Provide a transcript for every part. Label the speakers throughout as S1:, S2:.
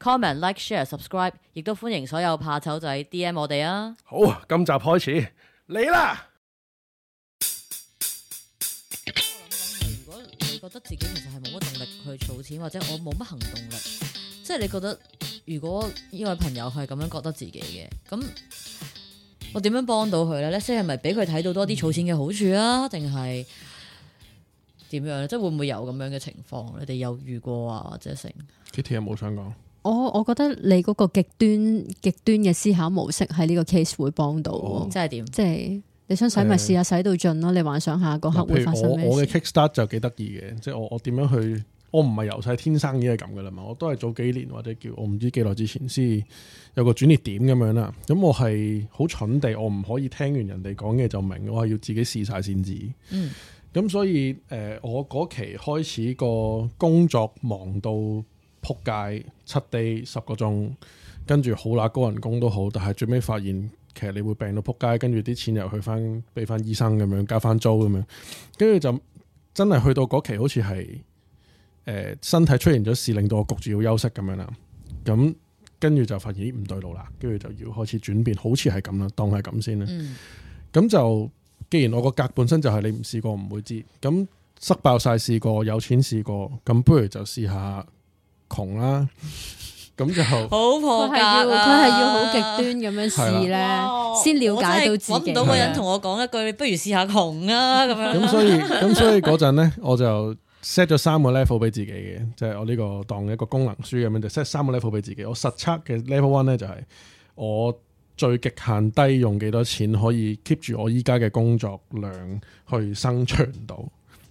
S1: Comment、Like、Share、Subscribe，亦都歡迎所有怕醜仔 DM 我哋啊！
S2: 好，今集開始嚟啦！
S1: 我諗緊如果你覺得自己其實係冇乜動力去儲錢，或者我冇乜行動力，即係你覺得，如果呢位朋友係咁樣覺得自己嘅，咁我點樣幫到佢咧？咧即係咪俾佢睇到多啲儲錢嘅好處啊？定係點樣咧？即係會唔會有咁樣嘅情況？你哋有遇過啊，或者成
S2: ？Kitty，有冇想講。
S3: 我我覺得你嗰個極端極端嘅思考模式喺呢個 case 會幫到，哦、即係點？即係你想使咪試下使到盡咯，呃、你幻想下嗰刻會發生咩事？我嘅
S2: Kickstart 就幾得意嘅，即係我我點樣去？我唔係由細天生已經係咁嘅啦嘛，我都係早幾年或者叫我唔知幾耐之前先有個轉捩點咁樣啦。咁我係好蠢地，我唔可以聽完人哋講嘢就明，我係要自己試晒先知。嗯，咁所以誒、呃，我嗰期開始個工作忙到～撲街，七 day 十個鐘，跟住好啦，高人工都好，但係最尾發現，其實你會病到撲街，跟住啲錢又去翻，俾翻醫生咁樣，交翻租咁樣，跟住就真係去到嗰期，好似係誒身體出現咗事，令到我焗住要休息咁樣啦。咁跟住就發現唔對路啦，跟住就要開始轉變，好似係咁啦，當係咁先啦。咁、嗯、就既然我個格本身就係你唔試過唔會知，咁塞爆晒試過，有錢試過，咁不如就試下。窮啦，咁、啊、就好婆、啊。好
S3: 破格，佢係要好極端咁樣試咧，先
S1: 了，了解到自己、啊。揾唔到個人同我講一句，的你不如試下窮啊咁樣，樣。咁 所以咁所以
S2: 嗰陣咧，我就 set 咗三個 level 俾自己嘅，即、就、係、是、我呢個當一個功能書咁樣就 set 三個 level 俾自己。我實測嘅 level one 咧就係我最極限低用幾多錢可以 keep 住我依家嘅工作量去生存到。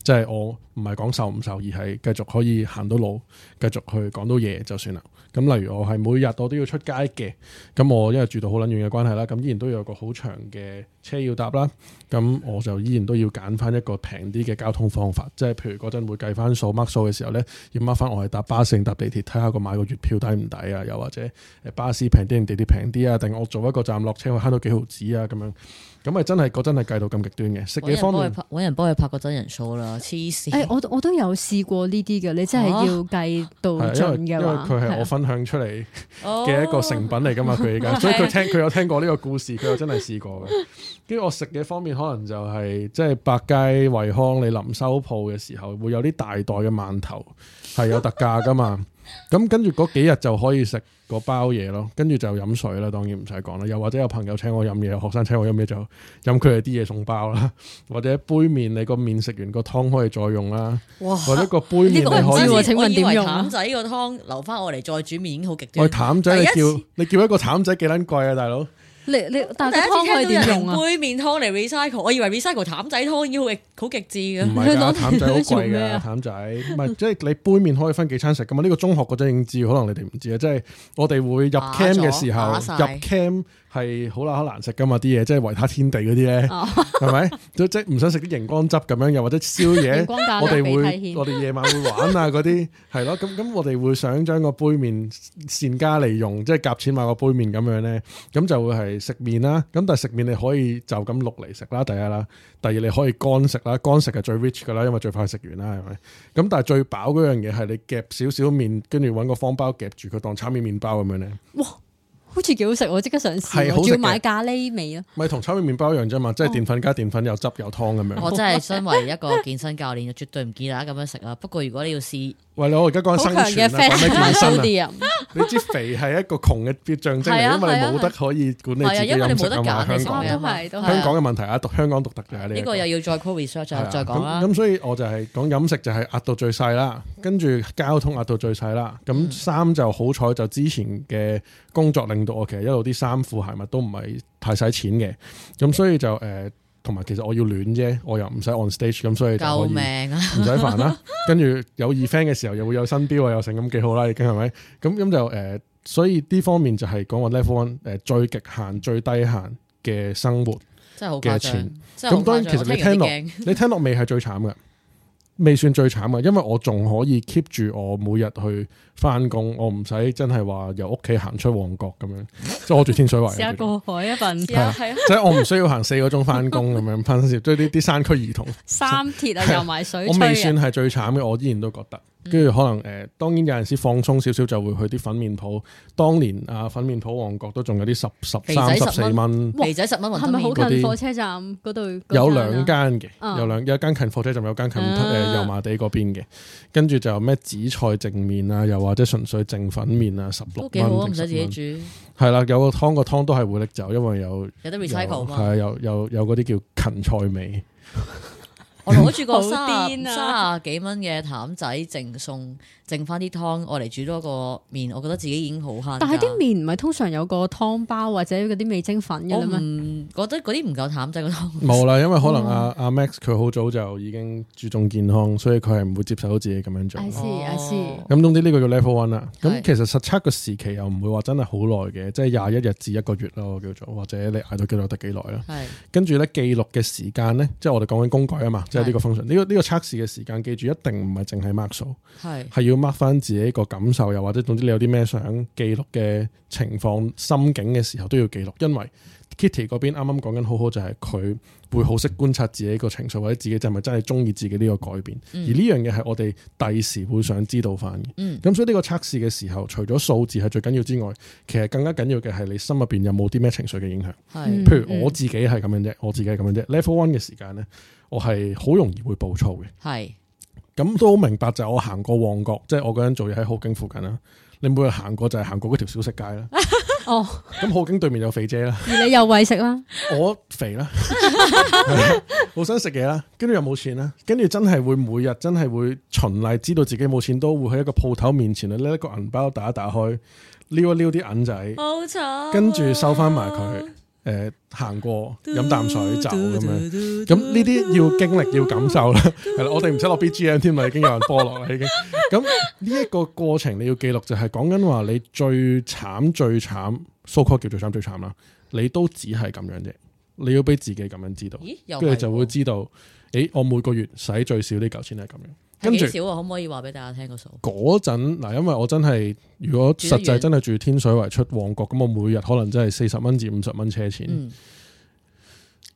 S2: 即係我唔係講受唔受，而係繼續可以行到路，繼續去講到嘢，就算啦。咁例如我係每日我都要出街嘅，咁我因為住到好撚遠嘅關係啦，咁依然都有個好長嘅車要搭啦。咁我就依然都要揀翻一個平啲嘅交通方法，即係譬如嗰陣會計翻數 mark 數嘅時候呢，要 mark 翻我係搭巴士搭地鐵，睇下個買個月票抵唔抵啊？又或者巴士平啲定地鐵平啲啊？定我做一個站落車，我慳到幾毫子啊？咁樣。咁咪真係個真係計到咁極端嘅食嘢方面，揾人幫佢拍，拍個真人 show 啦，黐線！誒、欸，
S3: 我我都有試過呢啲嘅，啊、你真係要計到準嘅，因為佢係我
S2: 分享出嚟嘅一個成品嚟噶嘛，佢而家，所以佢聽佢有聽過呢個故事，佢又真係試過嘅。跟住 我食嘢方面，可能就係即係百佳惠康，你臨收鋪嘅時候會有啲大袋嘅饅頭係有特價噶嘛。 咁 跟住嗰幾日就可以食個包嘢咯，跟住就飲水啦，當然唔使講啦。又或者有朋友請我飲嘢，學生請我飲嘢就飲佢哋啲嘢送包啦，或者杯麵你個麵食完個湯可以再用啦。哇！呢個真嘅，
S1: 請問點用？譚仔個湯留翻我嚟再煮麵已經好極端。我譚仔你叫
S2: 你叫一個譚仔幾撚貴啊，大佬？
S3: 你你第一次聽人用杯
S1: 麵湯嚟 recycle， 我以為 recycle 淡仔湯已經好極好極致嘅。
S2: 唔係㗎，淡仔好貴㗎，淡麼仔唔係，即係你杯麵可以分幾餐食㗎嘛？呢、這個中學嗰陣已經知，可能你哋唔知啊，即、就、係、是、我哋會入 camp 嘅時候了入 camp。了係好難好難食噶嘛啲嘢，即係維他天地嗰啲咧，係咪、哦？ 即即唔想食啲熒光汁咁樣，又或者宵夜， 家我哋會 我哋夜晚會玩啊嗰啲，係咯。咁咁我哋會想將個杯麵善加利用，即係夾錢買個杯麵咁樣咧，咁就會係食麵啦。咁但係食麵你可以就咁碌嚟食啦，第一啦，第二你可以乾食啦，乾食係最 rich 噶啦，因為最快食完啦，係咪？咁但係最飽嗰樣嘢係你夾少少麵，跟住揾個方包夾住佢當炒麵麵包咁樣咧。
S3: 哇好似幾好食，我即刻想試，係要買咖喱味啊！
S2: 唔係同炒麵麵包一樣啫嘛，即係澱粉加澱粉，有汁有湯咁樣。我真係
S3: 身為一
S1: 個健身教練，絕對唔建議大家咁樣食啦。不過如果你要試，為咗我而家講生存啊，反咩健身啊？
S2: 你知肥係一個窮嘅象徵嚟，因為冇得可以管理自己飲食冇得揀嘛。香港嘅問題啊，獨香港獨特嘅呢個又要再 call research 再講啦。咁所以我就係講飲食就係壓到最細啦，跟住交通壓到最細啦。咁三就好彩就之前嘅。工作令到我其實一路啲衫褲鞋襪都唔係太使錢嘅，咁所以就誒，同、呃、埋其實我要暖啫，我又唔使 on stage，咁所以就可以唔使煩啦。跟住救命、啊、 有 event 嘅時候又會有新表啊，又成咁幾好啦，已經係咪？咁咁就誒、呃，所以呢方面就係講我 level one 誒、呃、最極限最低限嘅生活真，錢真係好誇張。咁當然其實聽你聽落， 你聽落未係最慘嘅。未算最慘啊，因為我仲可以 keep 住我每日去翻工，我唔使真係話由屋企行出旺角咁樣，即係我住天水圍。一
S3: 個 海一、啊、份，係即、 就是、我唔
S2: 需要行四個鐘翻工咁樣，翻少即係啲啲山區兒童，
S3: 三鐵啊，遊埋的水。我未算
S2: 係最慘嘅， 我依然都覺得。跟住可能誒，然嗯、當然有陣時放鬆少少就會去啲粉麵鋪。當年啊，粉麵鋪旺角都仲有啲十十三十四蚊肥、哦、仔十蚊，係咪好近火車
S3: 站嗰度？有兩間
S2: 嘅，有兩有一間近火車站，有間近誒、嗯嗯、油麻地嗰邊嘅。跟住就咩紫菜淨麵啊，又或者純粹淨粉麵啊，十六蚊幾好，唔使自己煮。係啦，有個湯，個湯都係會拎走，因為有有得 recycle 嘛。係啊，有有有嗰啲叫芹菜味。
S1: 我攞住個卅卅幾蚊嘅譚仔剩，剩送剩翻啲湯，我嚟煮多個麵。我覺得自己已經好慳。但係啲
S3: 麵唔係通常有個湯包或者嗰啲味精粉嘅咩？我唔
S1: 覺得嗰啲唔夠譚仔個湯。冇 啦，因為可能阿、啊、
S2: 阿、嗯、Max 佢好早就已經注重健康，所以佢係唔會接受到自己咁樣做。係是係是。咁總之呢個叫 level one 啦。咁是其實實測個時期又唔會話真係好耐嘅，即係廿一日至一個月咯，叫做或者你挨到叫做得幾耐啦。係。是跟住咧記錄嘅時間咧，即係我哋講緊工具啊嘛。呢對 個風向，呢、這個呢個測試嘅時間，記住一定唔係淨係 mark 數，係係是要 mark 翻自己一個感受，又或者總之你有啲咩想記錄嘅情況、心境嘅時候都要記錄。因為 Kitty 嗰邊啱啱講緊好好就係、是、佢會好識觀察自己一個情緒，或者自己就真係咪真係中意自己呢個改變。嗯、而呢樣嘢係我哋第時會想知道翻嘅。咁、嗯、所以呢個測試嘅時候，除咗數字係最緊要之外，其實更加緊要嘅係你心入邊有冇啲咩情緒嘅影響。嗯、譬如我自己係咁樣啫，我自己係咁樣啫、嗯。Level one 嘅時間咧。我係好容易會暴躁嘅，係咁是都好明白就係、是、我行過旺角，即、就、係、是、我嗰陣做嘢喺好景附近啦。你每日行過就係行過嗰條小食街啦。 哦，咁好景對面有肥姐啦，
S3: 你又為食啦，
S2: 我肥啦，好想食嘢啦，跟住又冇錢啦，跟住真係會每日真係會循例知道自己冇錢都會喺一個鋪頭面前啊，拎一個銀包打一打開，撩一撩啲銀仔，冇
S1: 錯、啊，跟住收翻埋佢。
S2: 誒、呃，行過飲啖水走咁樣，咁呢啲要經歷要感受啦，係啦， 我哋唔使落 B G M 添嘛，已經有人波落啦，已經。咁呢一個過程你要記錄，就係講緊話你最慘最慘，so called 叫最慘最慘啦，你都只係咁樣啫。你要俾自己咁樣知道，跟住咦就會知道，誒咦、欸，我每個月使最少呢嚿錢係咁樣。跟住少
S1: 我可唔可以話俾大家聽
S2: 個數？嗰陣嗱，因為我真係如果實際真係住天水圍出旺角，咁、嗯、我每日可能真係四十蚊至五十蚊車錢。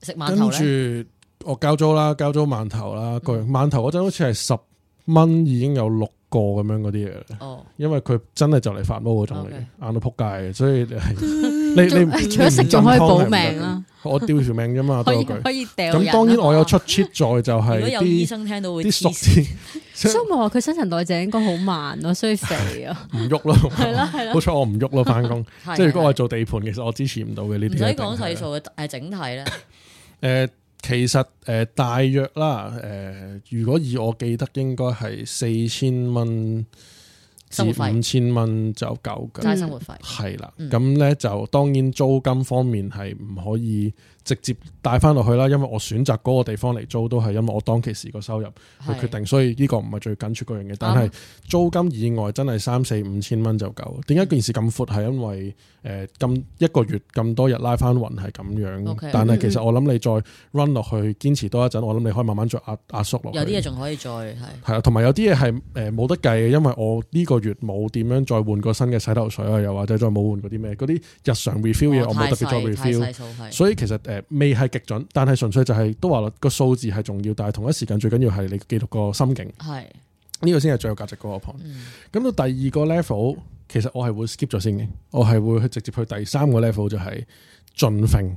S1: 食跟住
S2: 我交租啦，交租饅頭啦，個饅、嗯、頭嗰陣好似係十蚊已經有六個咁樣嗰啲嘢。哦，因為佢真係就嚟發毛嗰種嚟嘅，Okay. 硬到撲街嘅，所以你係。 你你除咗食仲可以保命啦、啊，我掉條命啫嘛。可以可以掉咁、啊、當然我有出 cheap 在就係。如果有醫生
S3: 聽到會啲熟士，所以咪話佢新陳代謝應該好慢咯，所以肥
S2: 啊 了。唔喐咯，係咯係咯。好彩我唔喐咯，翻工。即係如果我係做地盤，其實我支持唔到嘅 對了 呢。啲。唔使講細數
S1: 嘅，誒整體咧。
S2: 誒，其實誒、呃、大約啦，誒、呃、如果以我記得應該係四千蚊。至五千蚊就夠嘅生活費，係啦。咁咧就當然租金方面係唔可以。直接帶翻落去啦，因為我選擇嗰個地方嚟租都係因為我當其時個收入去決定，是所以呢個唔係最緊撮個樣嘅。但係租金以外真係三四五千蚊就夠。點解、啊、件事咁闊係因為誒咁一個月咁多日拉翻勻係咁樣，Okay. 但係其實我諗你再 run 落去堅持多一陣，我諗你可以慢慢再壓壓縮落去。有啲嘢仲可以再係係啊，同埋有啲嘢係誒冇得計嘅，因為我呢個月冇點樣再換過新嘅洗頭水啊，又或者再冇換嗰啲咩嗰啲日常 refill 嘢，我冇得再 refill。所以其實。呃、未係極準，但係純粹就係、是、都話個數字係重要，但係同一時間最緊要係你記錄個心境。係呢是個先係最有價值嗰個 p o 咁到第二個 level，其實我係會 skip 咗先嘅，我係會去直接去第三個 level 就係盡馳，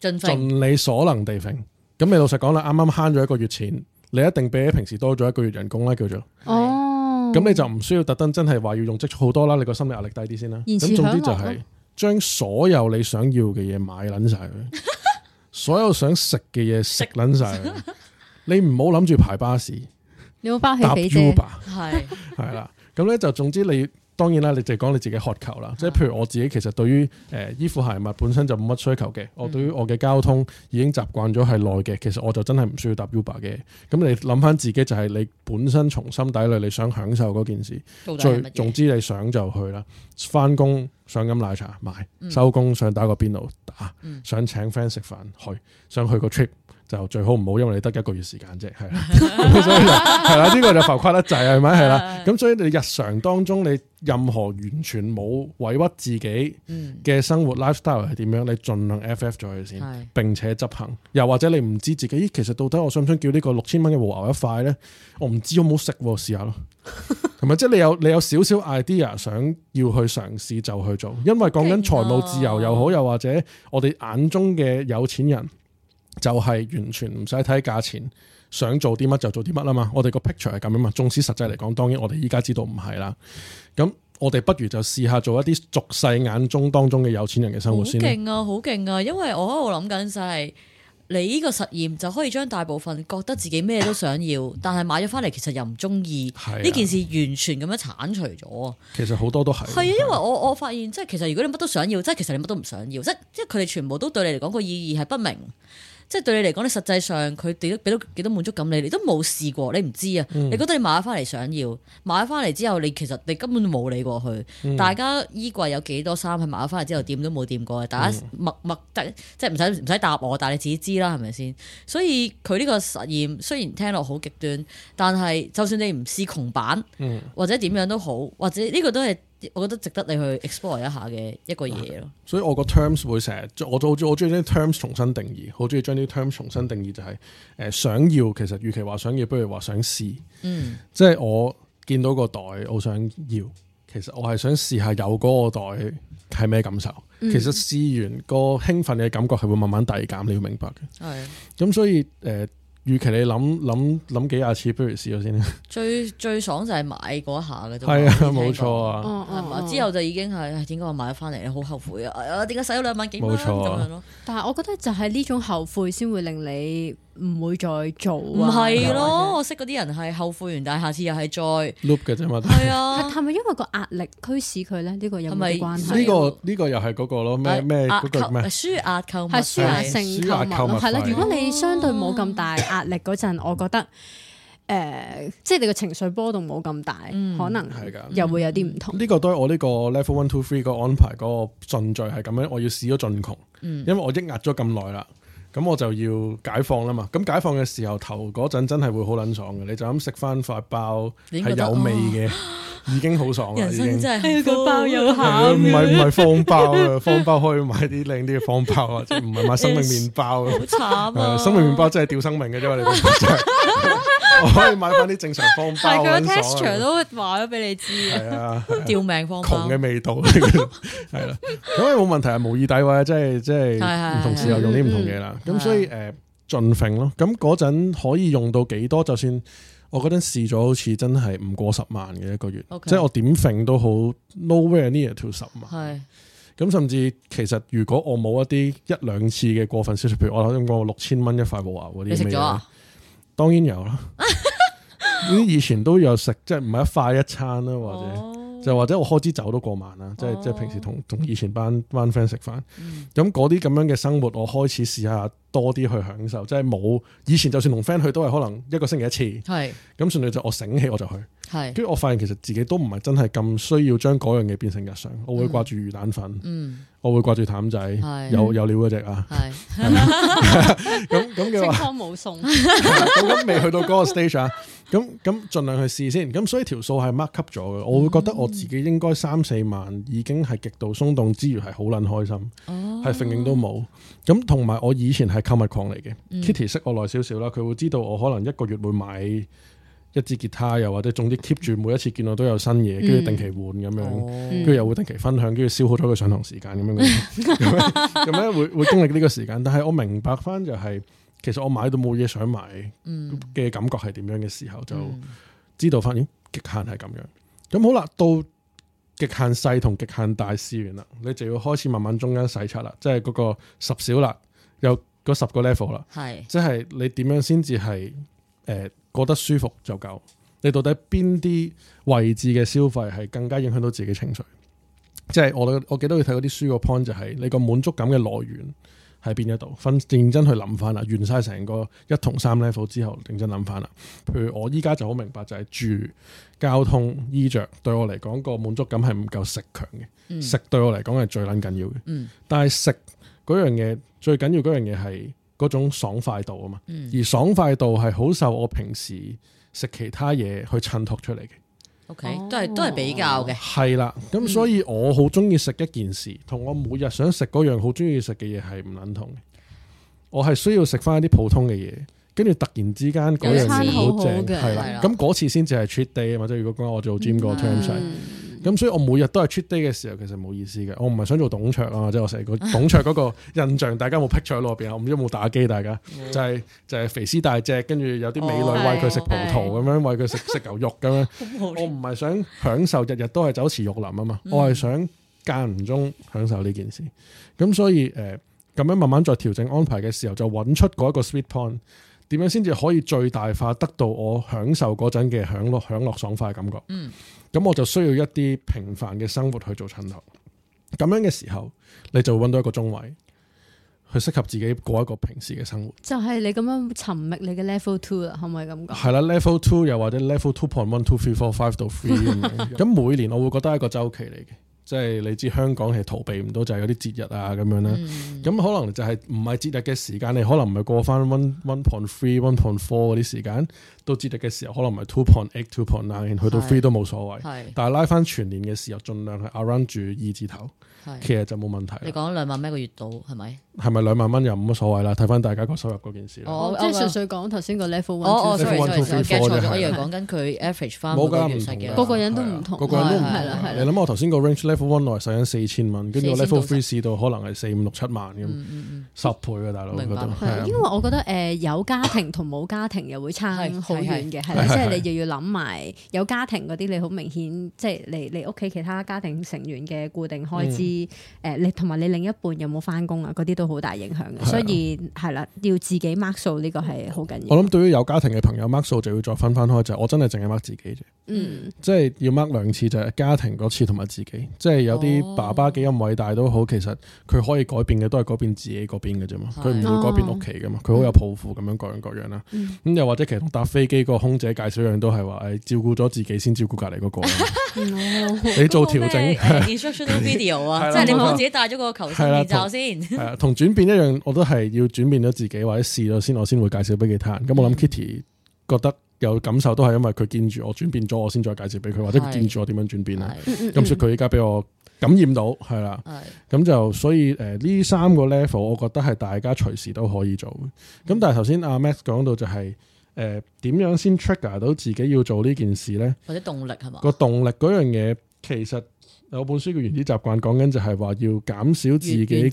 S2: 盡飛你所能地馳。咁你老實講啦，啱啱慳咗一個月錢，你一定比平時多咗一個月人工咧，叫做
S3: 哦。咁
S2: 你就唔需要特登真係話要用積蓄好多啦，你個心理壓力低啲先啦。咁、嗯哦、總之就係、是。嗯嗯將所有你想要嘅嘢買捻晒佢， 所有想食嘅嘢食捻晒佢， 你唔好諗住排巴士，
S3: 你冇翻去俾 Uber，係
S2: 係啦，咁咧就總之你。當然啦，你就講你自己渴求啦，即係、啊、譬如我自己其實對於誒、呃、衣服鞋襪本身就冇乜需求嘅，嗯、我對於我嘅交通已經習慣咗係耐嘅，其實我就真係唔需要搭 Uber 嘅。咁你諗翻自己就係你本身從心底裏你想享受嗰件事，最總之你想就去啦。返工想飲奶茶買，收工想打個邊爐打，嗯、想請 friend 食飯去，想去個 trip。最好唔好，因為你得一個月時間啫，係啦，係啦， 呢個就浮誇得滯，係咪？係啦，咁所以你日常當中，你任何完全冇委屈自己嘅生活 lifestyle 係點樣，你盡量 ff 咗佢先，是的 並且執行。又或者你唔知自己，咦，其實到底我想唔想叫呢個六千蚊嘅和牛一塊呢？我唔知好唔好食，試下咯。同埋， 即係你有你有少少 idea，想要去嘗試就去做，因為講緊財務自由又好，又或者我哋眼中嘅有錢人。就係完全唔使睇價錢，想做啲乜就做啲乜啊嘛！我哋個 picture 係咁啊嘛，縱使實際嚟講，當然我哋依家知道唔係啦。咁我哋不如就試下做一啲俗世眼中當中嘅有錢人嘅生活先。勁
S1: 啊，好勁啊！因為我喺度諗緊就係，你呢個實驗就可以將大部分覺得自己咩都想要， 但係買咗翻嚟其實又唔中意呢件事，完全咁樣剷除咗，
S2: 其實好多都係，係啊，啊因
S1: 為我我發現即係其實如果你乜都想要，即係其實你乜都唔想要，即即係佢哋全部都對你嚟講個意義係不明。即係對你嚟講，你實際上佢哋都俾到幾多滿足感你？你都冇試過，你唔知啊！嗯、你覺得你買咗翻嚟想要，買咗翻嚟之後，你其實你根本都冇理過佢。嗯、大家衣櫃有幾多衫，佢買咗翻嚟之後掂都冇掂過嘅。嗯、大家默默即係即係唔使唔使答我，但係你自己知啦，係咪先？所以佢呢個實驗雖然聽落好極端，但係就算你唔試窮版，或者點樣都好，或者呢個都係。我覺得值得你去 explore 一下嘅一個嘢咯。嗯、
S2: 所以我，我個 terms 會成日，我都好中，我中意啲 terms 重新定義，好中意將啲 terms 重新定義，就是，就係誒，想要其實與其話想要，不如話想試。嗯，即係我見到個袋，我想要，其實我係想試下有嗰個袋係咩感受。嗯、其實試完個興奮嘅感覺係會慢慢遞減，嗯、你要明白嘅。係、嗯。咁、嗯、所以誒。呃與其你諗諗諗幾廿次，不如試咗先。
S1: 最最爽就係買嗰下嘅啫，係啊，冇錯啊。之後就已經係點解我買咗翻嚟，好後悔啊！點解使咗兩萬
S3: 幾蚊咁樣咯？但係我覺得就係呢種後悔先會令你。唔會再做，唔係咯？
S1: 我識嗰啲人係後悔完，但下次又係再
S2: loop 嘅啫嘛。係啊，
S1: 係咪因為個壓力
S3: 驅使佢咧？呢個有冇關係？呢個
S2: 呢個又係嗰個咯，咩咩嗰句咩？
S3: 舒壓購物係舒壓性購物，係啦。如果你相對冇咁大壓力嗰陣，我覺得誒，即係你個情緒波動冇咁大，可能係噶，又
S2: 會有啲唔同。呢個都係我呢個 Level one two three 個安排，個順序係咁樣。我要試咗盡窮，因為我抑壓咗咁耐啦。咁我就要解放啦嘛！咁解放嘅時候，頭嗰陣真係會好冷爽嘅，你就咁食翻塊包係有味嘅，哦、已經好爽啦。人生真係個、哎、包有餡，唔係唔係方包啊！方 包可以買啲靚啲嘅方包啊，即係唔係買生命麵包好慘、欸、啊！ 生命麵包真係掉生命嘅啫嘛，你都唔係。我可以買翻啲正常方包溫爽啊！係佢個 texture
S1: 都話咗俾你知，係啊，吊命
S2: 方包。窮嘅味道，係啦。咁啊冇問題啊，無以詆毀啊，即係即係唔同時候用啲唔同嘢啦。咁所以誒盡揈咯。咁嗰陣可以用到幾多？就算我嗰陣試咗，好似真係唔過十萬嘅一個月。即係我點揈都好，nowhere near to 十萬。係咁，甚至其實如果我冇一啲一兩次嘅過分消費，譬如我頭先講六千蚊一塊和牛嗰啲，你食咗當然有啦，啲 以前都有食，即係唔係一塊一餐啦，或者就或者我開支酒都過萬啦，哦、即係即係平時同同以前班班 friend 食飯，咁嗰啲咁樣嘅生活，我開始試下多啲去享受，即係冇以前就算同 friend 去都係可能一個星期一次，係咁是順利就我醒起我就去。係，跟住我發現其實自己都唔係真係咁需要將嗰樣嘢變成日常，嗯、我會掛住魚蛋粉，嗯，我會掛住淡仔，是有有料嗰隻啊，咁咁佢話冇咁未去到嗰個 stage 啊，咁、嗯、咁、嗯、盡量去試先，咁所以條數係 mark up 咗嘅，我會覺得我自己應該三四萬已經係極度鬆動之餘係好撚開心，哦，係成影都冇，咁同埋我以前係購物狂嚟嘅，Kitty 識我耐少少啦，佢會知道我可能一個月會買。一支吉他又或者總之 keep 住，每一次見到都有新嘢，跟住、嗯、定期換咁樣，跟住、嗯、又會定期分享，跟住消耗咗佢上堂時間咁樣，咁、嗯、樣會會經歷呢個時間。 但係我明白翻就係、是，其實我買到冇嘢想買嘅感覺係點樣嘅時候，嗯、就知道翻，極限係咁樣。咁好啦，到極限細同極限大試完啦，你就要開始慢慢中間洗出啦，即係嗰個十小啦，有嗰十個 level 啦，係是，即係你點樣先至係誒？呃覺得舒服就夠。你到底邊啲位置嘅消費係更加影響到自己情緒？即係我我記得要睇嗰啲書個 point 就係、是、你個滿足感嘅來源喺邊一度。分認真去諗翻啦，完晒成個一、同三 level 之後，認真諗翻啦。譬如我依家就好明白就係住、交通、衣着對我嚟講個滿足感係唔夠食強嘅。嗯、食對我嚟講係最捻緊要嘅。嗯，但，但係食嗰樣嘢最緊要嗰樣嘢係。嗰種爽快度啊嘛，嗯、而爽快度係好受我平時食其他嘢去襯托出嚟嘅。
S1: O、okay, K，都係、哦、都係比較嘅。
S2: 係啦，咁所以我好中意食一件事，同、嗯、我每日想食嗰樣好中意食嘅嘢係唔撚同嘅。我係需要食翻一啲普通嘅嘢，跟住突然之間嗰樣嘢好正，係啦了。咁嗰了次先至係 cheat day 啊嘛，即係如果講我做 gym 個 term。嗯咁所以我每日都係出 day 嘅時候，其實冇意思嘅。我唔係想做董卓啊，即係我成日講董卓嗰個印象， 大家有冇 picture 喺腦入邊？我唔知有冇打機，大家就係就係肥屍大隻，跟住有啲美女喂佢食葡萄咁樣，喂佢食食牛肉咁樣。我唔係想享受日日都係酒池肉林啊嘛，我係想間唔中享受呢件事。咁、嗯、所以誒、咁、呃、樣慢慢再調整安排嘅時候，就揾出嗰一個 sweet point，點樣先至可以最大化得到我享受嗰陣嘅享樂、享樂爽快嘅感覺。嗯。咁我就需要一啲平凡嘅生活去做襯托，咁樣嘅時候你就揾到一個中位，去適合自己過一個平時嘅生活。
S3: 就係你咁樣尋覓你嘅 level two 啦，可唔可以咁講？係啦
S2: ，level two 又或者 level two point one two three four five 到 three 咁，每年我會覺得係一個周期嚟嘅。即係你知香港係逃避唔到，就係、是、有啲節日啊咁樣啦。咁、嗯嗯嗯、可能就係唔係節日嘅時間，你可能唔係過翻 one one point three one point four 嗰啲時間。到節日嘅時候，可能唔係 two point eight two point nine，去到 three 是都冇所謂。是但係拉翻全年嘅時候，盡量去 around 住二字頭。其實就冇問題。你
S1: 講兩萬蚊一個月度，係咪？
S2: 係咪兩萬蚊又冇乜所謂啦？睇翻大家個收入嗰件事。我即係純粹
S1: 講頭先個 level one，你 level three four 咧。我而家講緊佢 average 翻個月上嘅。冇㗎，唔同，個個人都唔同。個個人都唔同。係啦，係啦。你諗我頭
S2: 先個 range level one 內係使緊四千蚊，跟住 level three 市到可能係四五六七萬咁，十倍嘅大佬。明白。因為
S3: 我覺得誒有家庭同冇家庭又會差好遠嘅，係啦，即係你又要諗埋有家庭嗰啲，你好明顯即係你你屋企其他家庭成員嘅固定開支，誒你同埋你另一半有冇翻工啊？嗰啲都。好大影響嘅，啊、所以係啦、啊，要自己 mark 數呢個係好緊要。我諗
S2: 對於有家庭嘅朋友，mark 數、er、就要再分翻開，就係我真係淨係 mark 自己啫。嗯，即係要 mark 兩、er、次，就係、是、家庭嗰次同埋自己。即係有啲爸爸幾咁偉大都好，其實佢可以改變嘅都係改變自己嗰邊嘅啫嘛。佢唔、啊、會改變屋企噶嘛，佢好、啊、有抱負咁樣各樣各樣啦。咁又、嗯、或者其實搭飛機個空姐介紹樣都係話、哎，照顧咗自己先照顧隔籬嗰個。啊、
S3: 哈哈你
S2: 做調整 instructional video
S1: 啊，即係 你幫自己戴咗個球面
S2: 罩先，轉變一樣，我都係要轉變咗自己或者試咗先，我先會介紹俾其他人、嗯。咁我諗 Kitty 覺得有感受，都係因為佢見住我轉變咗，我先再介紹俾佢，或者佢見住我點樣轉變咧。咁、嗯嗯、 所以佢依家俾我感染到，係啦。咁、嗯、就所以誒呢、呃、三個 level，我覺得係大家隨時都可以做。咁、嗯嗯、但係頭先阿 Max 講到就係誒點樣先 trigger 到自己要做呢件事咧？或者動力係嘛？個動力嗰樣嘢其實。有本書叫原子習慣，講緊就係話要減少自己嘅原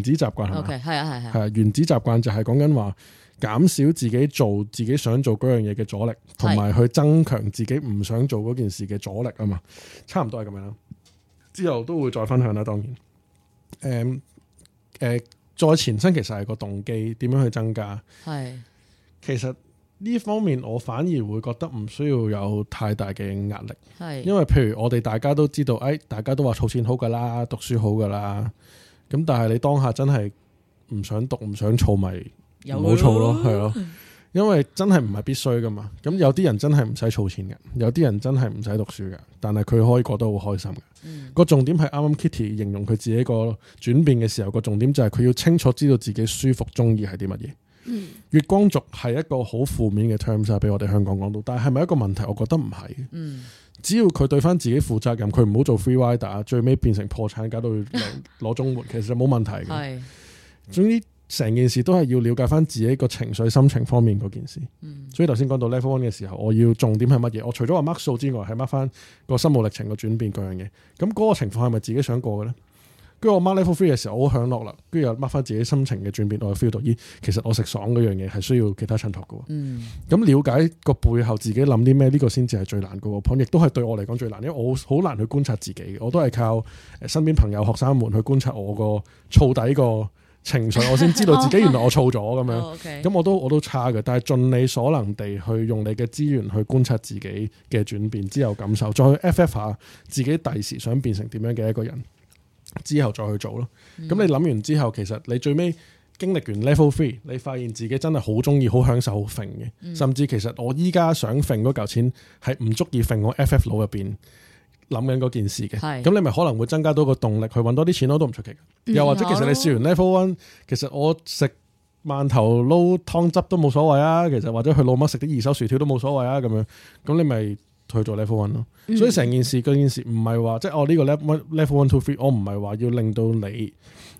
S2: 子習慣，係嘛？OK，係係係係原子習慣就係講緊話減少自己做自己想做嗰樣嘢嘅阻力，同埋去增強自己唔想做嗰件事嘅阻力啊嘛，嗯、差唔多係咁樣啦。之後都會再分享啦，當然，誒、嗯、誒、嗯，再前身其實係個動機，點樣去增加？係是其實。呢方面我反而會覺得唔需要有太大嘅壓力，是因為譬如我哋大家都知道，誒、哎、大家都話儲錢好噶啦，讀書好噶啦，咁但係你當下真係唔想讀、唔想儲咪冇儲咯，係咯了，因為真係唔係必須噶嘛。咁有啲人真係唔使儲錢嘅，有啲人真係唔使讀書嘅，但係佢可以過得好開心嘅。個、嗯、重點係啱啱 Kitty 形容佢自己一個轉變嘅時候，個重點就係佢要清楚知道自己舒服、中意係啲乜嘢。嗯、月光族係一個好負面嘅 terms 啊，比我哋香港講到，但係係咪一個問題？我覺得唔係。嗯，只要佢對翻自己負責任，佢唔好做 free rider，最尾變成破產，搞到攞攞綜援， 其實冇問題嘅。係是，總之成、嗯、件事都係要了解翻自己個情緒、心情方面嗰件事。嗯、所以頭先講到 level one 嘅時候，我要重點係乜嘢？我除咗話 mark 數之外，係 mark 翻個心路歷程個轉變各樣嘢。咁、那、嗰個情況係咪自己想過嘅咧？跟住我孖 life free 嘅時候，我好享樂啦。跟住又 mark 翻自己心情嘅轉變，我 feel 到咦，其實我食爽嗰樣嘢係需要其他襯托嘅。
S3: 嗯，
S2: 咁了解個背後自己諗啲咩，呢、這個先至係最難嘅。point 亦都係對我嚟講最難，因為我好難去觀察自己，我都係靠身邊朋友、學生們去觀察我個燥底個情緒，我先知道自己原來我燥咗咁樣。咁、哦 okay、我都我都差嘅，但係盡你所能地去用你嘅資源去觀察自己嘅轉變之後感受，再 ff 下自己第時想變成點樣嘅一個人。之後再去做咯。咁、嗯、你諗完之後，其實你最尾經歷完 level three，你發現自己真係好中意、好享受、好揈嘅。嗯、甚至其實我依家想揈嗰嚿錢，係唔足以揈我 FF 腦入邊諗緊嗰件事嘅。咁是你咪可能會增加到個動力去揾多啲錢咯，都唔出奇。又或者其實你試完 level one，其實我食饅頭撈湯汁都冇所謂啊。其實或者去老媽食啲二手薯條都冇所謂啊。咁樣咁你咪。去做 level one 咯、mm，hmm. 所以成件事嗰件事唔係話即係我呢個 level one, two, three，我唔係話要令到你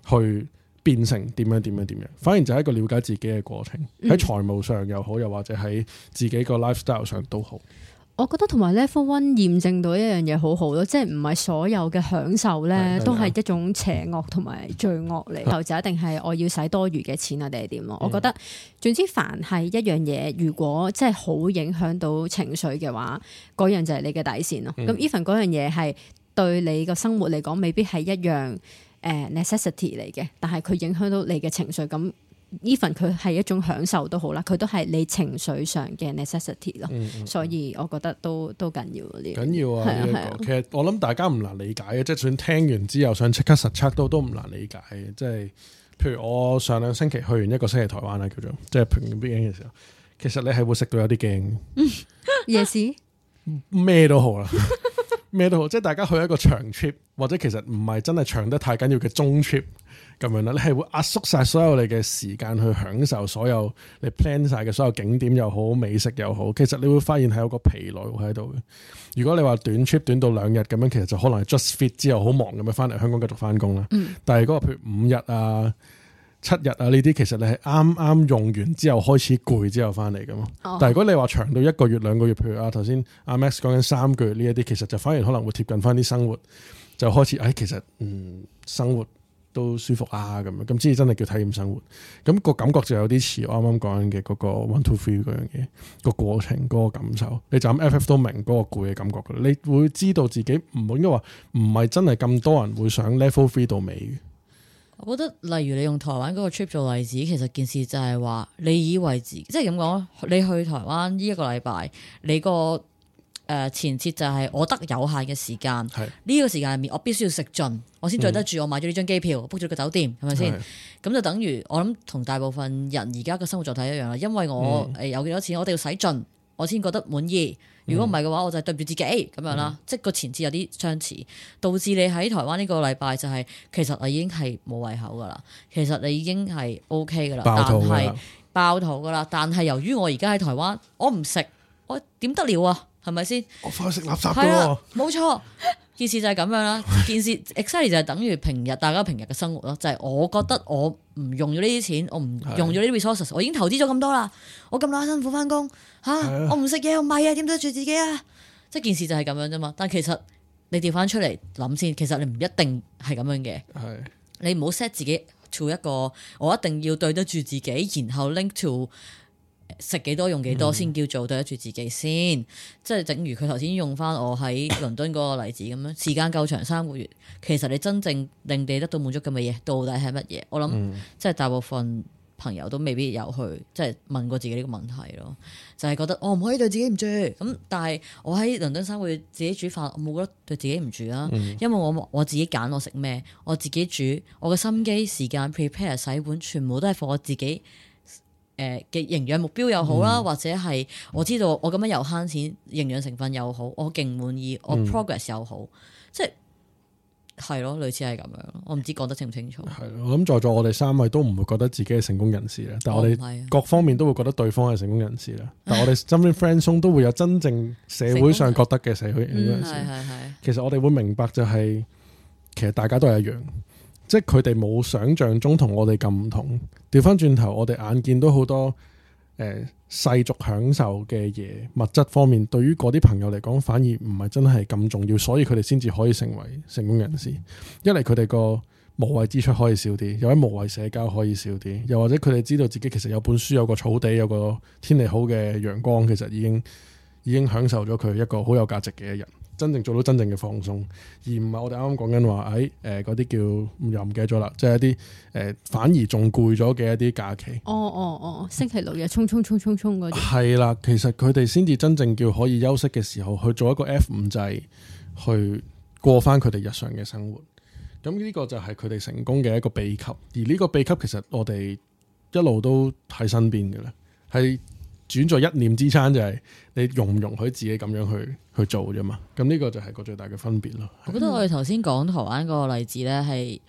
S2: 去變成點樣點樣點樣，反而就係一個了解自己嘅過程，喺財務上又好，又或者喺自己個 lifestyle 上都好。
S3: 我覺得同埋 Level One 驗證到一樣嘢好好咯，即係唔係所有嘅享受咧都係一種邪惡同埋罪惡嚟，就 就一定係我要使多餘嘅錢啊定係點咯？我覺得總之凡係一樣嘢，如果即係好影響到情緒嘅話，嗰樣就係你嘅底線咯。咁 Even 嗰樣嘢係對你個生活嚟講未必係一樣誒、呃、necessity 嚟嘅，但係佢影響到你嘅情緒咁。even 佢係一種享受好都好啦，佢都係你情緒上嘅 necessity 咯、
S2: 嗯，嗯、所
S3: 以我覺得都都緊要嗰啲緊
S2: 要啊，係啊，其實我諗大家唔難理解嘅，啊、即係算聽完之後想即刻實測都都唔難理解嘅，即係譬如我上兩星期去完一個星期台灣啊，叫做即係平邊嘅時候，其實你係會食到有啲驚夜市咩都好啦，咩 都好，即係大家去一個長 trip 或者其實唔係真係長得太緊要嘅中 trip。咁樣啦，你係會壓縮晒所有你嘅時間去享受所有你 plan 晒嘅所有景點又好，美食又好，其實你會發現係有個疲累會喺度嘅。如果你話短 trip 短到兩日咁樣，其實就可能係 just fit 之後好忙咁樣翻嚟香港繼續翻工啦。嗯、但係如果譬如五日啊、七日啊呢啲，其實你係啱啱用完之後開始攰之後翻嚟咁咯。哦、但係如果你話長到一個月、兩個月，譬如啊頭先阿 Max 講緊三個月呢一啲，其實就反而可能會貼近翻啲生活，就開始誒、哎，其實嗯生活。都舒服啊，咁樣咁先真係叫體驗生活。咁個感覺就有啲似我啱啱講嘅嗰個 one two three 嗰樣嘢，嗰個過程，嗰個感受，你就咁 f f 都明嗰個攰嘅感覺噶。你會知道自己唔應該話唔係真係咁多人會想 level three 到尾。我
S1: 覺得例如你用台灣嗰個 trip 做例子，其實件事就係話你以為自己即係咁講，你去台灣呢一個禮拜，你個。誒前設就係我得有限嘅時間，呢是個時間入面，我必須要食盡，嗯、我先對得住。我買咗呢張機票，book 咗個酒店，係咪先？咁就等於我諗同大部分人而家嘅生活狀態一樣啦。因為我有幾多錢，我哋要使盡，我先覺得滿意。嗯、如果唔係嘅話，我就對唔住自己咁樣啦。嗯、即係個前設有啲相似，導致你喺台灣呢個禮拜就係其實你已經係冇胃口噶啦。其實你已經係 O K 噶啦，爆肚爆肚噶啦。但係由於我而家喺台灣，我唔食，我點得了啊？係咪先？是是我翻去食垃圾噶喎、啊，冇錯。件事就係咁樣啦。件事 exciting 就係等於平日大家平日嘅生活咯。就係、是、我覺得我唔用咗呢啲錢，我唔用咗呢啲 resources，我已經投資咗咁多啦。我咁耐辛苦翻工，吓、啊、是的 我唔食嘢，我買嘢，點對得住自己啊？即係件事就係咁樣啫嘛。但其實你調翻出嚟諗先，其實你唔一定係咁樣嘅。係是的 你唔好 set 自己做一個，我一定要對得住自己，然後 link to。食幾多用幾多先叫做對得住自己先？即係、嗯、正如佢頭先用翻我喺倫敦嗰個例子咁樣， 時間夠長三個月，其實你真正令你得到滿足咁嘅嘢，到底係乜嘢？我諗即係大部分朋友都未必有去即係問過自己呢個問題咯，就係、是、覺得我唔、哦、可以對自己唔住咁，但係我喺倫敦生活自己煮飯，我冇覺得對自己唔住啦，嗯、因為我我自己揀我食咩，我自己煮，我嘅心機時間 prepare 洗碗，全部都係放我自己。誒嘅營養目標又好啦，嗯、或者係我知道我咁樣又慳錢，營養成分又好，我勁滿意，我 progress 又好，嗯、即係係咯，類似係咁樣，我唔知講得清唔清楚。係我
S2: 諗在座我哋三位都唔會覺得自己係成功人士咧，但係我哋各方面都會覺得對方係成功人士啦。哦啊、但係我哋身邊 friend 中都會有真正社會上覺得嘅社會人士。其實我哋會明白就係，其實大家都係一樣。即係佢哋冇想象中同我哋咁唔同。調翻轉頭，我哋眼見到好多誒世俗享受嘅嘢，物質方面，對於嗰啲朋友嚟講，反而唔係真係咁重要，所以佢哋先至可以成為成功人士。一嚟佢哋個無謂支出可以少啲，有啲無謂社交可以少啲，又或者佢哋知道自己其實有本書，有個草地，有個天氣好嘅陽光，其實已經已經享受咗佢一個好有價值嘅一日。真正做到真正嘅放鬆，而唔係我哋啱啱講緊話喺誒嗰啲叫又唔記得咗啦，即係一啲誒、呃、反而仲攰咗嘅一啲假期。
S3: 哦哦哦，星期六日衝衝衝衝衝嗰啲。
S2: 係啦，其實佢哋先至真正叫可以休息嘅時候，去做一個 F5 掣去過返佢哋日常嘅生活。咁呢個就係佢哋成功嘅一個秘笈，而呢個秘笈其實我哋一路都喺身邊嘅啦，係。轉在一念之差，就係、是、你容唔容許自己咁樣去去做啫嘛，咁呢個就係個最大嘅分別咯。
S1: 我覺得我哋頭先講台灣嗰個例子咧，係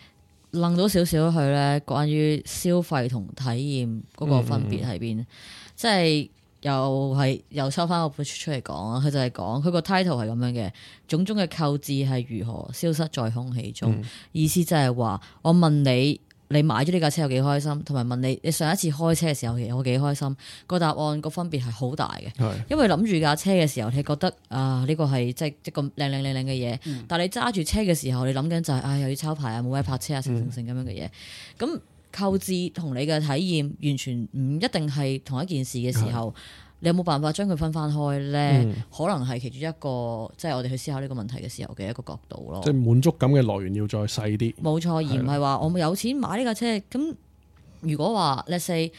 S1: 諗到少少佢咧，關於消費同體驗嗰個分別喺邊，嗯嗯，即係又係又收翻個 push 出嚟講啊，佢就係講佢個 title 係咁樣嘅，種種嘅購置係如何消失在空氣中，嗯、意思就係話我問你。你買咗呢架車有幾開心，同埋問你你上一次開車嘅時候其實我幾開心，個答案個分別係好大嘅，的因為諗住架車嘅時候你覺得啊呢、呃呢個係即係即咁靚靚靚靚嘅嘢，嗯、但係你揸住車嘅時候你諗緊就係、是、唉又要抄牌啊冇咩泊車啊成成成咁樣嘅嘢，咁購置同你嘅體驗完全唔一定係同一件事嘅時候。你有冇辦法將佢分翻開咧？嗯、可能係其中一個，即係我哋去思考呢個問題嘅時候嘅一個角度咯。即係滿
S2: 足感嘅來源要再細啲。
S1: 冇錯，而唔係話我冇有錢買呢架車。咁如果話 let's say，誒、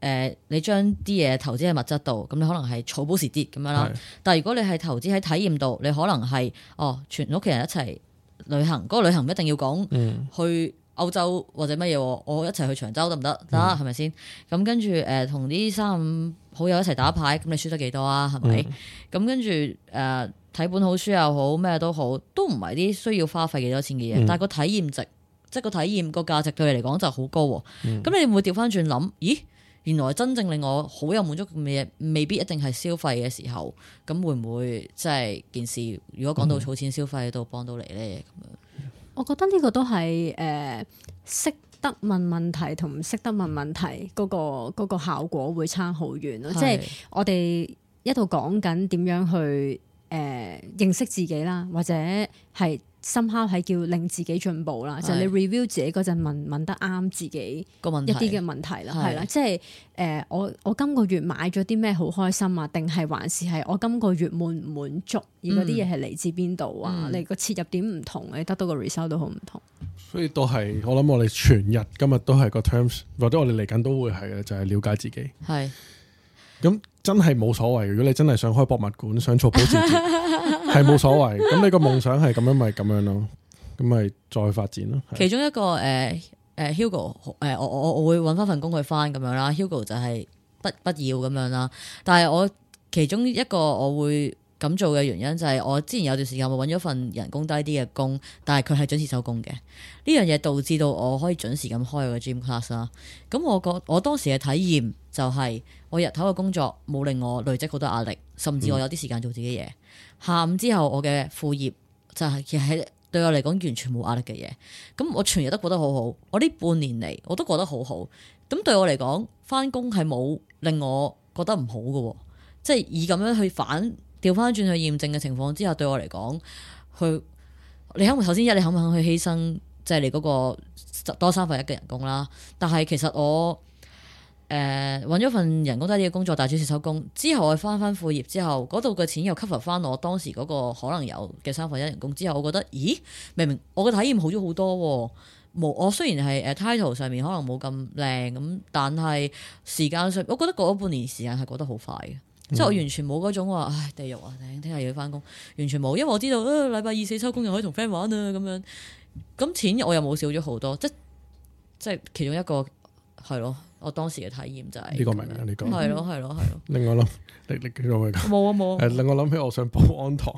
S1: 呃，你將啲嘢投資喺物質度，咁你可能係儲保時捷咁樣啦。是的 但係如果你係投資喺體驗度，你可能係哦，全屋企人一齊旅行，嗰個旅行一定要講去。嗯去歐洲或者乜嘢，我一齊去長洲得唔得？得係咪先？咁、嗯、跟住誒，同啲三五好友一齊打牌，咁你輸得幾多啊？係、呃、咪？咁跟住誒，睇本好書又好，咩都好，都唔係啲需要花費幾多錢嘅嘢，嗯、但係個體驗值，即、就、係、是、個體驗個價值對你嚟講就好高、啊。咁、嗯、你會唔會調翻轉諗？咦，原來真正令我好有滿足嘅嘢，未必一定係消費嘅時候。咁會唔會即係、就是、件事？如果講到儲錢消費，都幫到你咧。嗯嗯。
S3: 我覺得呢個都係誒，識得問問題同唔識得問問題，嗰個嗰個效果會差好遠咯，是即係我哋一度講緊點樣去。誒、呃，認識自己啦，或者係深刻係叫令自己進步啦。就你 review 自己嗰陣問問得啱自己個問一啲嘅問題啦，係啦。即係誒，我我今個月買咗啲咩好開心啊？定係還是係我今個月滿唔滿足？而嗰啲嘢係嚟自邊度啊？嗯、你個切入點唔同，你得到個 result 都好唔同。
S2: 所以都係我諗，我哋全日今日都係個 terms，或者我哋嚟緊都會係嘅，就係、是、了解自己。係。咁真係冇所謂，如果你真係想開博物館，想做保險，係冇 所謂。咁你個夢想係咁樣，咪咁樣咯，咁咪再發展咯。其
S1: 中一個誒誒、呃呃、Hugo 誒、呃，我我我會搵翻份工去翻咁樣啦。Hugo 就係不不要咁樣啦。但係我其中一個我會。咁做嘅原因就係我之前有段時間我揾咗份人工低啲嘅工，但係佢係準時收工嘅。呢樣嘢，導致到我可以準時咁開我嘅 gym class 啦。咁我覺我當時嘅體驗就係我日頭嘅工作冇令我累積好多壓力，甚至我有啲時間做自己嘢。嗯、下午之後我嘅副業就係其實對我嚟講完全冇壓力嘅嘢。咁我全日都過得好好，我呢半年嚟我都過得好好。咁對我嚟講，返工係冇令我覺得唔好嘅，即、就、係、是、以咁樣去反。調翻轉去驗證嘅情況之下，對我嚟講，去你肯唔？首先一你肯唔肯去犧牲，即、就、借、是、你嗰個多三分一嘅人工啦？但係其實我誒揾咗份人工低啲嘅工作，大中小企業收工之後，我翻翻副業之後，嗰度嘅錢又 cover 翻我當時嗰個可能有嘅三分一人工之後，我覺得咦，明明我嘅體驗好咗好多，哦，冇我雖然係誒 title 上面可能冇咁靚咁，但係時間上，我覺得過咗半年時間係過得好快嘅。嗯、即係我完全冇嗰種話，唉，地獄啊，頂，聽日要返工，完全冇，因為我知道，誒、哎，禮拜二四收工又可以同 friend 玩啊，咁樣，咁錢我又冇少咗好多，即係即係其中一個係咯，我當時嘅體驗就係呢個明啊，呢、這個係咯係咯係咯。
S2: 另外咯，你你做咩冇啊冇。誒，令我諗起我上保安堂。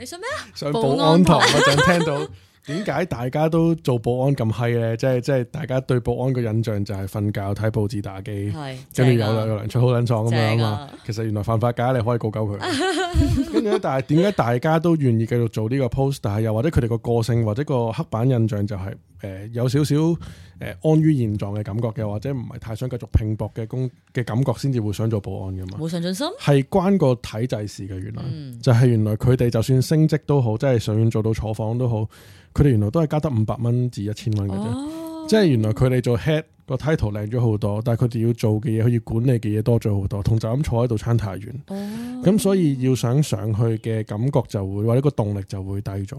S1: 你想咩啊？想保安堂嗰陣 聽到。
S2: 點解大家都做保安咁閪咧？即係即係大家對保安嘅印象就係瞓覺睇報紙打機，跟住、啊、有有人出好卵爽咁樣嘛。其實原來犯法架你可以告鳩佢。跟住咧，但係點解大家都願意繼續做呢個 post？但係又或者佢哋個個性或者個刻板印象就係、是、誒、呃、有少少誒、呃、安於現狀嘅感覺嘅，或者唔係太想繼續拼搏嘅工嘅感覺，先至會想做保安噶嘛？冇上進心係關個體制事嘅，原來、嗯、就係原來佢哋就算升職都好，即係想做到坐房都好。佢哋原來都係加得五百蚊至一千蚊嘅啫，哦、即係原來佢哋做 head 個、哦、title 靚咗好多，但係佢哋要做嘅嘢，佢要管理嘅嘢多咗好多，同就咁坐喺度餐太遠，咁、哦、所以要想上去嘅感覺就會或者個動力就會低咗。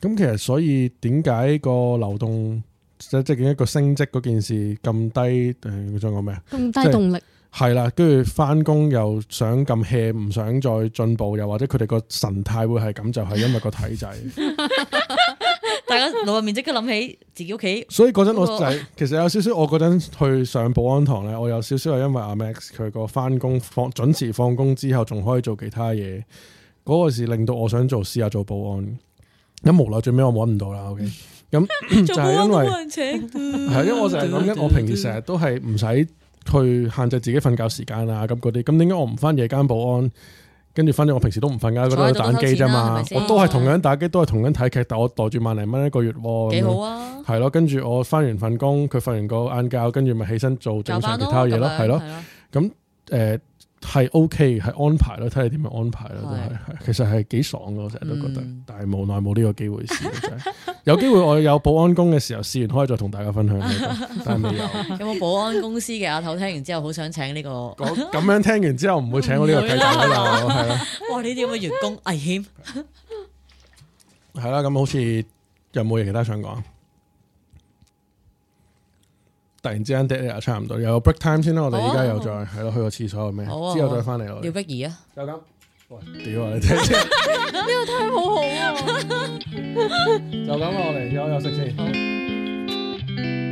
S2: 咁其實所以點解個流動即係即係一個升職嗰件事咁低誒？呃、想講咩啊？咁低動力係啦，跟住翻工又想咁 hea，唔想再進步，又或者佢哋個神態會係咁，就係、是、因為個體制。
S1: 大家腦入面即刻諗起自己屋企，所以嗰陣我就係、是、
S2: 其實有少少，我嗰陣去上保安堂咧，我有少少係因為阿 Max 佢個翻工，放準時放工之後，仲可以做其他嘢，嗰個事令到我想做試下做保安。咁無奈最尾我搵唔到啦。咁、okay? 保安 就係、因為係因為我成日諗緊， 我平時成日都係唔使去限制自己瞓覺時間啊，咁嗰啲，咁點解我唔翻夜間保安？跟住反正我平時都唔瞓㗎，嗰度打機咋嘛？啊、是是我都係同樣打機，都係同樣睇劇，但我袋住萬零蚊一個月。幾好啊！係咯，跟住我翻完份工，佢瞓完個晏覺，跟住咪起身做正常其他嘢咯，係咯。咁誒。呃係 OK，係安排咯，睇你點樣安排咯，是都係，其實係幾爽噶，我成日都覺得，嗯、但係無奈冇呢個機會試， 真係有機會我有保安工嘅時候試完開再同大家分享， 但係冇。有冇 保安
S1: 公司嘅阿頭聽完之後好想請呢、這個？講
S2: 咁樣聽完之後唔會請我呢個睇法都有，係咯、
S1: 啊。了哇！呢啲咁嘅員工危險。
S2: 係啦，咁好似有冇嘢其他想講？突然之間，dead air 差唔多，有 break time 先啦。我哋而家又再係咯，oh, 去個廁所，咩之後再翻嚟。廖碧
S1: 怡啊，
S2: 就咁等喂，屌啊！你
S3: 呢個梯好好啊， 就咁我
S2: 嚟，有休息先。